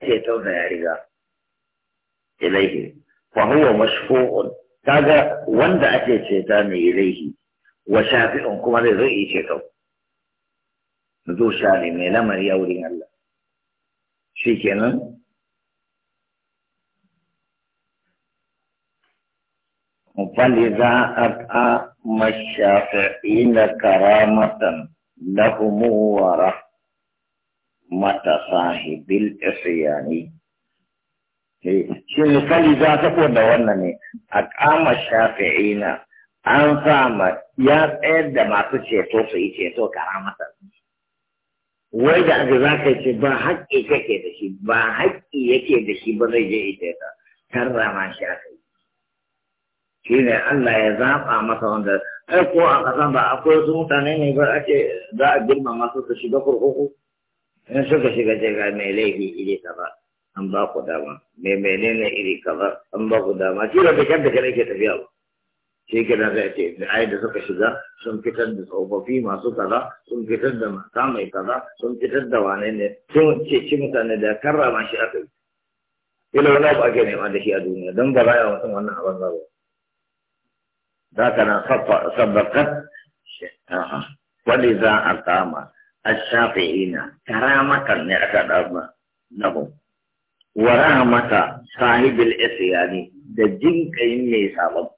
ceto da ya riga ilaihi fa huwa mashfu'un kaga wanda ake ceta ne ilaihi wa shafi'un kuma zai zo yi ceto zo sha ne mai lamari a wurin Allah shi kenan فلذا أبقى ما الشافعين كرامة لهم ورحمة matasahibil isyani eh, shi ne kai za ta da wannan ne a kama shafi'ina an sama ya tsayar da masu ceto su yi ceto karamata wai da aka za ka ce ba haƙƙi kake da shi ba haƙƙi yake da shi ba zai je ita ta karrama shi aka yi shi ne Allah ya zaɓa masa wanda ai ko a ƙasa ba akwai wasu mutane ne ba ake za a girma masu su shiga kurkuku in suka shiga jira mai laifi iri kaza an ba ku dama mai menene iri kaza an ba ku dama shi da bikin da kana ke tafiya ba shi ke zai ce ai da suka shiga sun fitar da tsofaffi masu kaza sun fitar da mata mai kaza sun fitar da wane ne sun ci mutane da karrama shi aka yi ila wani abu ake nema da shi a duniya don ba za a yi mutum wannan abin ba ba za ka na sabbakat wani za a kama الشافعين كرامة لأكد لهم نعم. ورحمة صاحب الإسيان دجين كيم يسالب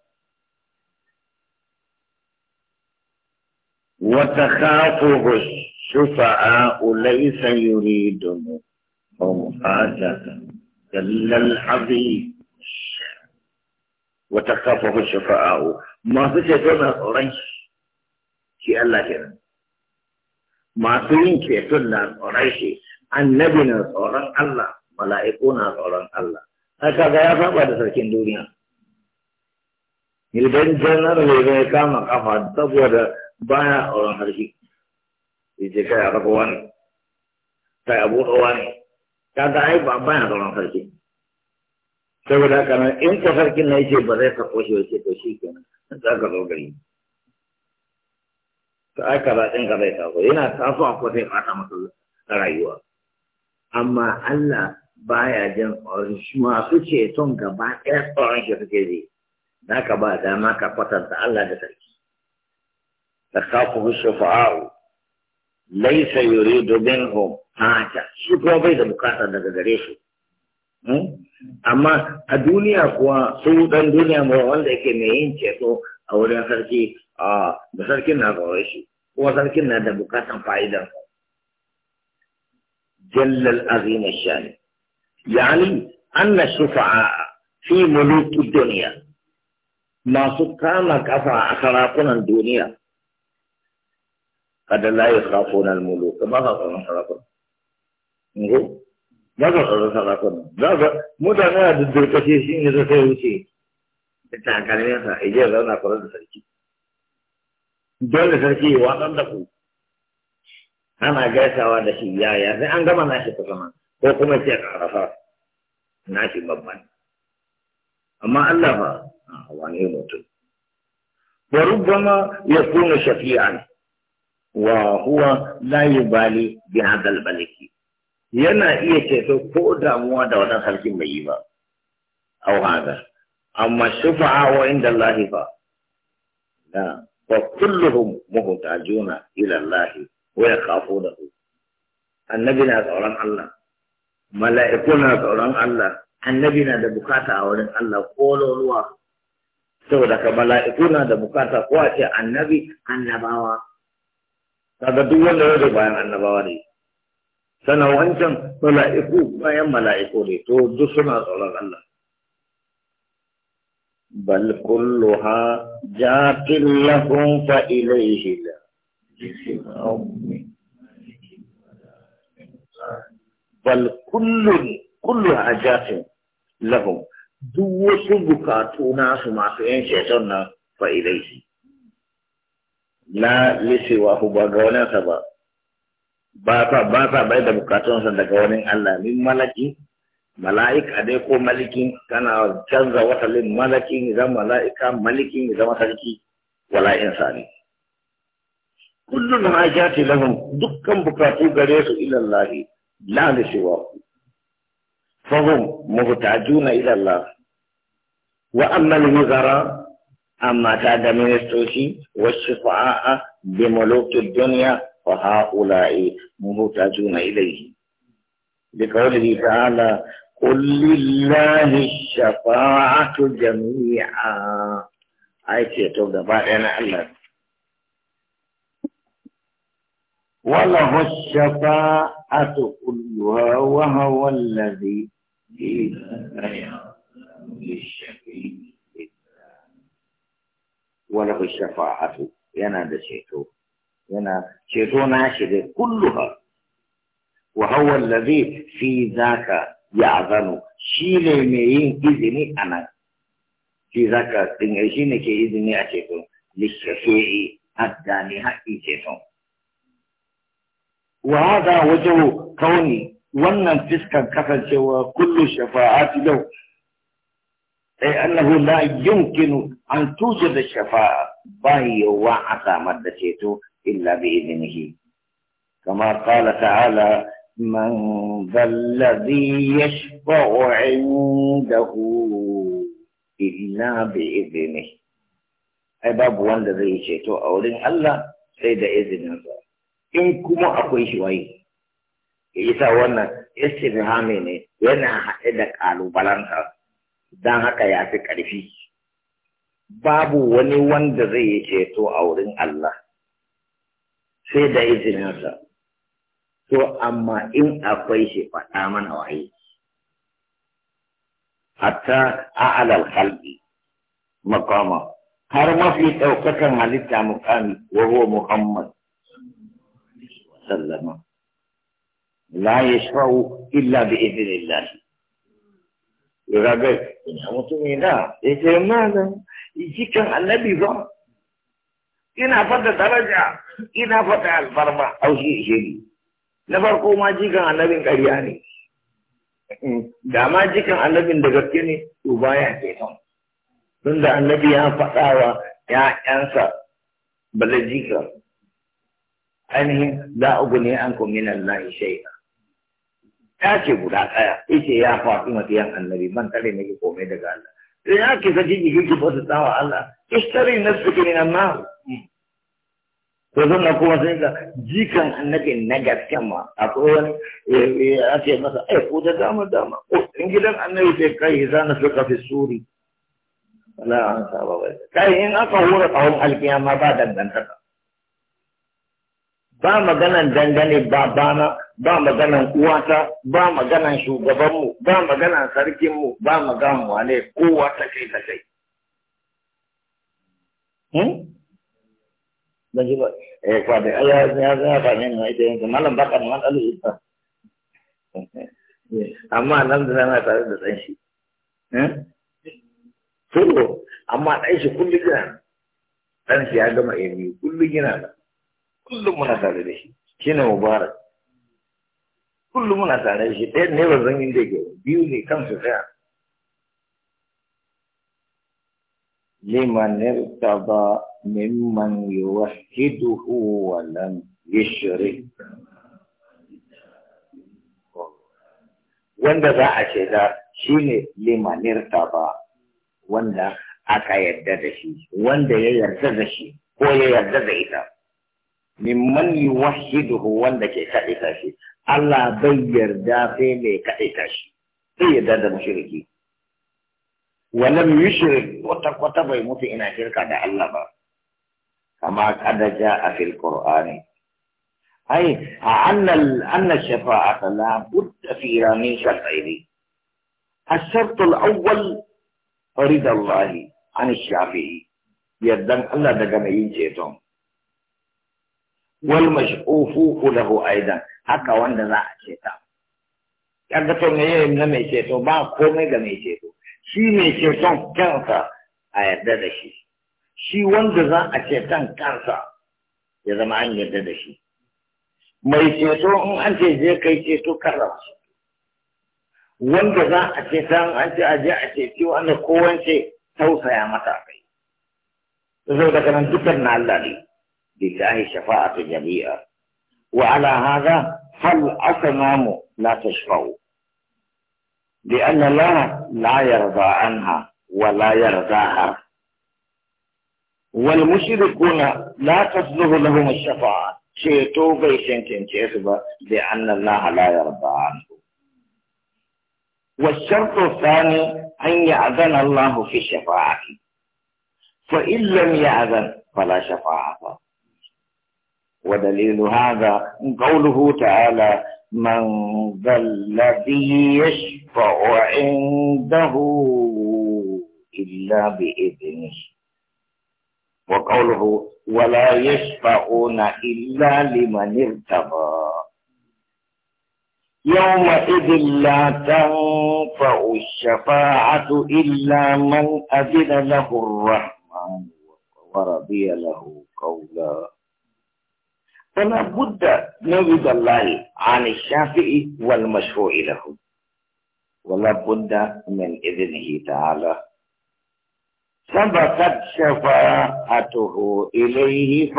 وتخافه الشفعاء ليس يريدهم ومحاجة دل العظيم وتخافه الشفعاء ما في شيء تقول شيء الله كده masu yin ceton na tsoron shi annabi na tsoron Allah mala'iku na tsoron Allah haka ga ya saba da sarkin duniya idan janar ne zai kama kafa saboda baya tsoron harshe ya ce kai a kafa wani kai a buɗe wani kaga ai ba baya tsoron sarki saboda haka in ko sarkin na yake ba zai sako shi wace to shi kenan za ka zo gari ka ai ba ɗin ka zai taso yana taso a kwatai fata masa rayuwa amma Allah baya jin tsoron shi masu ceton gaba ɗaya tsoron shi suke ji Na ka ba dama ka kwatanta Allah da sarki ta kafu shafa'u laisa domin hu haja shi kuma bai da bukatar daga gare shi hmm? amma a duniya kuwa su dan duniya mai wanda yake mai yin ceto a wurin sarki a da sarkin na kawai shi kuma sarkin na da bukatan fa'idan jallal azim shani yani anna shufa'a fi muluki duniya masu kama kafa a sarakunan duniya kada la yakhafuna al-muluk ba ka tsoron sarakun ngo ba ka tsoron sarakun za ka mutane da durkashe shi ne zai wuce da takalmin sa ije zauna kwarar da sarki dole sarki ya watsar da ku ana gaisawa da shi ya sai an gama nashi ta ma ko kuma ce ƙarafa nashi babban amma Allah ba a wani mutum wa rubbama yakunu shafi'an wa huwa la yubali bi hadal baliki yana iya ceto ko damuwa da wannan sarkin bai yi ba au hada amma shufa'a wa inda Allah ba da فكلهم محتاجون إلى الله ويخافونه النبي نازعون الله ملائكون نازعون الله النبي نازع بكاتا أولين الله قولوا الله saboda ka mala'iku na da bukata ko a ce annabi annabawa kaga duk wanda ya bayan annabawa ne sana wancan mala'iku bayan mala'iku ne to duk suna tsoron Allah بل كلها جات لهم فإليه لا بل كل كلها جات لهم دو سبكاتو ناس ما شيطان فإليه لا لسواه بغونا سبا ba ta ba ta bai da bukatunsa daga wani Allah min malaki mala'ika dai ko malikin kana canza wasalin malakin zan mala'ika malikin zama sarki wala insani kullum jati lahum dukkan bukatu gare su ila Allah la da shiwa hum muhtajuna ila Allah wa amma al-wizara amma ta da ministoci wa shifa'a bi mulukid dunya fa ha'ula'i muhtajuna ilayhi لقوله تعالى قل لله الشفاعة جميعا آية توقع بعدين الله وله الشفاعة كلها وهو الذي وله الشفاعة ينادى شيطان ينادى شيطان عاشر كلها وهو الذي في ذاك يعظم شيل مين إذني أنا في ذاك تنعيشين كي إذني أشيكم للشفيع الداني هكيكم وهذا وجه كوني وانا فسكا كفن سوى كل شفاعات له أي أنه لا يمكن أن توجد الشفاعة باهي وعثى مدته إلا بإذنه كما قال تعالى من ذا الذي يشفع عنده إلا بإذنه أي باب وند ذي شيتو أولين الله سيد إذن الله إن كما أقوي شوي isa wannan istifhami ne yana haɗe da ƙalubalanta don haka ya fi ƙarfi babu wani wanda zai yi ceto a wurin Allah sai da izininsa to amma in akwai shi faɗa mana waye hatta a'ala al halbi maqama har ma fi ɗaukakan halitta mukami wa huwa muhammad sallama la yashau illa bi idhnillah Raga, ina mutum ina, ya mana malam, jikin annabi ba, ina fata daraja, ina fata alfarma, shi shi na farko ma jikan annabin ƙarya ne mm. da ma jikan annabin da gaske ne to baya kenan tun da annabi ya faɗa wa ‘ya'yansa bala jika ainihin za a gune an kuminan na ishaika ya ce guda ɗaya ita ya faɗi mafiyan annabi ban tare na komai daga Allah sai ya ki saki jiki ki fasa tsawa Allah ishtari na suke na mahu ko zama kuma sai ga jikan annabi na gaske ma akwai wani ya eh, eh, ce masa ai ko da dama dama oh, in gidan annabi sai kai na suka fi suri wala an saba bai kai in aka hura tsawon alkiyama ba dangantaka ba maganan dangane babana ba maganan uwata ba maganan shugabanmu ba maganan sarkinmu ba maganan wane kowa ta kai ta kai hmm? dan juga eh pada ayah saya apa nih itu yang semalam bahkan malam lalu itu amma nan da na tare da dan shi amma dai shi dan ya gama ilimi kullu kullum muna tare da shi mubarak kullum muna tare da shi ɗaya ne ba zan yi da biyu ne tsaya لمن ارتضى ممن يوحده ولم يشرك wanda za a ce da shi ne limanir ba wanda aka yarda da shi wanda ya yarda da shi ko ya yarda da ita mimman yi wanda ke kaɗaita shi Allah bai yarda sai mai kaɗaita shi sai yarda da mushriki ولم يشرك وتكتب يموت إنا شركا دا الله با كما قد جاء في القرآن أي أن أن الشفاعة لا بد فيها من شرطين الشرط الأول رضا الله عن الشافعي يدن الله دقم ينجيتهم والمشؤوف له أيضا حتى وندنا شيطان كان قطر نيه من ما يشيطه ما قومي shi mai ceton kansa a yarda da shi shi wanda za a ceton kansa ya zama an yarda da shi mai ceto in an ce je kai ceto karra wanda za a ceta an ce je a ceci wanda kowance tausaya mata kai zai daga nan dukkan na Allah ne lillahi shafa'atu jami'a wa ala hadha fal asnamu la tashfa'u لأن الله لا يرضى عنها ولا يرضاها والمشركون لا تصلح لهم الشفاعة شيتو شيء تنتسب لأن الله لا يرضى عنه والشرط الثاني أن يأذن الله في الشفاعة فإن لم يأذن فلا شفاعة ودليل هذا قوله تعالى من ذا الذي يشفع عنده إلا بإذنه وقوله ولا يشفعون إلا لمن ارتضى يومئذ لا تنفع الشفاعة إلا من أذن له الرحمن ورضي له قولا فلا بد من رضا الله عن الشافعي والمشروع له ولا بد من إذنه تعالى سبقت شفاعته إليه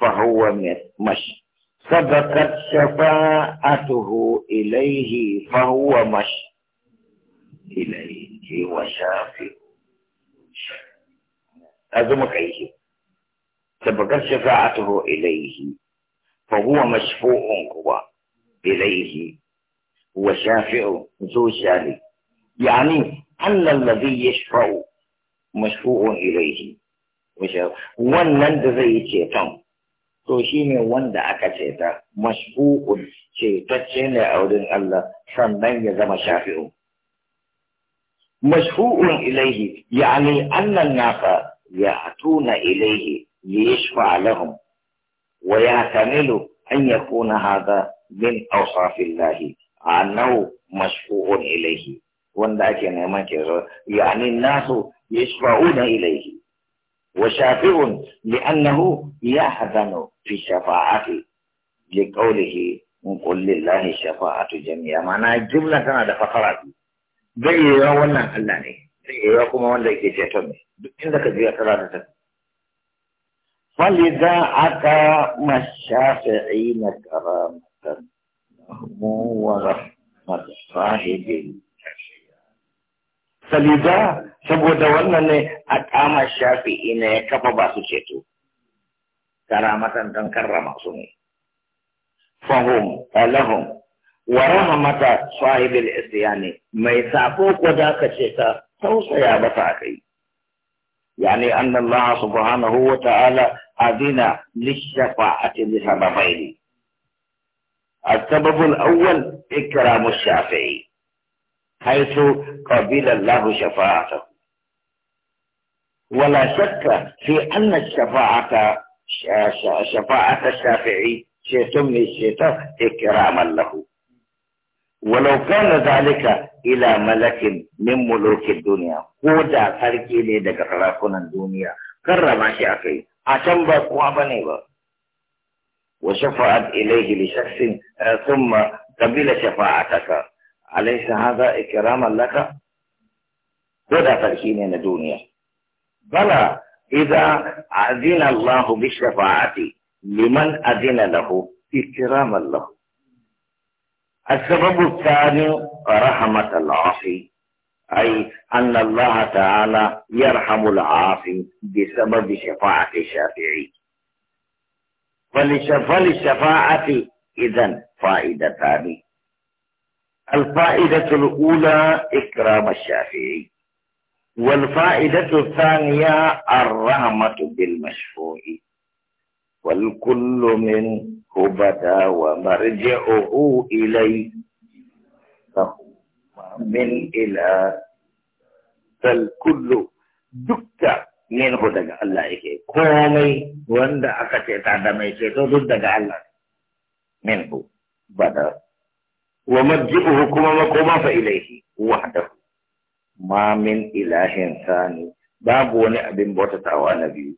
فهو مش سبقت شفاعته إليه فهو مش إليه وشافع أزمك أيه تبقى شفاعته إليه فهو مشفوع هو إليه هو شافع ذو شافع يعني أن الذي يشفع مشفوع إليه wannan da zai yi ceton to shi ne wanda aka ceta mashfu'un cetacce ne a wurin Allah sannan ya zama shafi'u. mashfu'un ilaihi yani annan nasa ya atuna ilaihi ليشفع لهم ويحتمل أن يكون هذا من أوصاف الله أنه مشفوع إليه وندعك نعمان يعني الناس يشفعون إليه وشافع لأنه يحزن في شفاعته لقوله قل لله الشفاعة جميعا معناها الجملة كان ده فقرات زي يا ولا الله ne zai iya kuma wanda ولذا أتى الشافعين كرامة لهم ورحمة صاحب Sabida saboda wannan ne a kama shafi'i ne ya kafa ba ceto, karamatan don karrama su ne. Fahim, alahum, wa rahamata sahibul mai sako ko ka ce ta tausaya ba ta kai. يعني أن الله سبحانه وتعالى أذن للشفاعة لسببين السبب الأول إكرام الشافعي حيث قبل الله شفاعته ولا شك في أن الشفاعة شفاعة الشافعي سيتم الشيطان إكراما له ولو كان ذلك إلى ملك من ملوك الدنيا كودا تركي لي دك سراكنا الدنيا كرم شيء أكي عشان بقوا بنيبا وشفعت إليه لشخص آه، ثم قبل شفاعتك أليس هذا إكراما لك كودا تركي لي الدنيا بلى إذا أذن الله بالشفاعة لمن أذن له إكراما له السبب الثاني رحمة العاصي أي أن الله تعالى يرحم العاصي بسبب شفاعة الشافعي فللشفاعة إذا فائدتان الفائدة الأولى إكرام الشافعي والفائدة الثانية الرحمة بالمشفوع Wal kullu min hubata, wa ma ilai? Sahu min ila salkulu. Dukka min hu daga Allah ya ke wanda aka ce ta damai ceto duk daga Allah. Min hu bada wa ma kuma ma ko fa ilai? Wa ma min ilashen sani. Babu wani abin botatawa na biyu.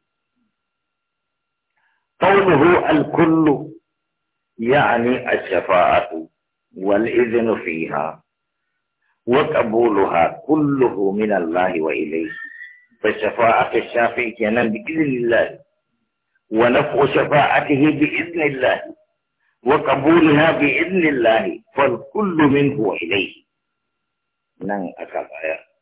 وقوله الكل يعني الشفاعة والإذن فيها وقبولها كله من الله وإليه فشفاعة الشافعي كان بإذن الله ونفع شفاعته بإذن الله وقبولها بإذن الله فالكل منه إليه نعم أكبر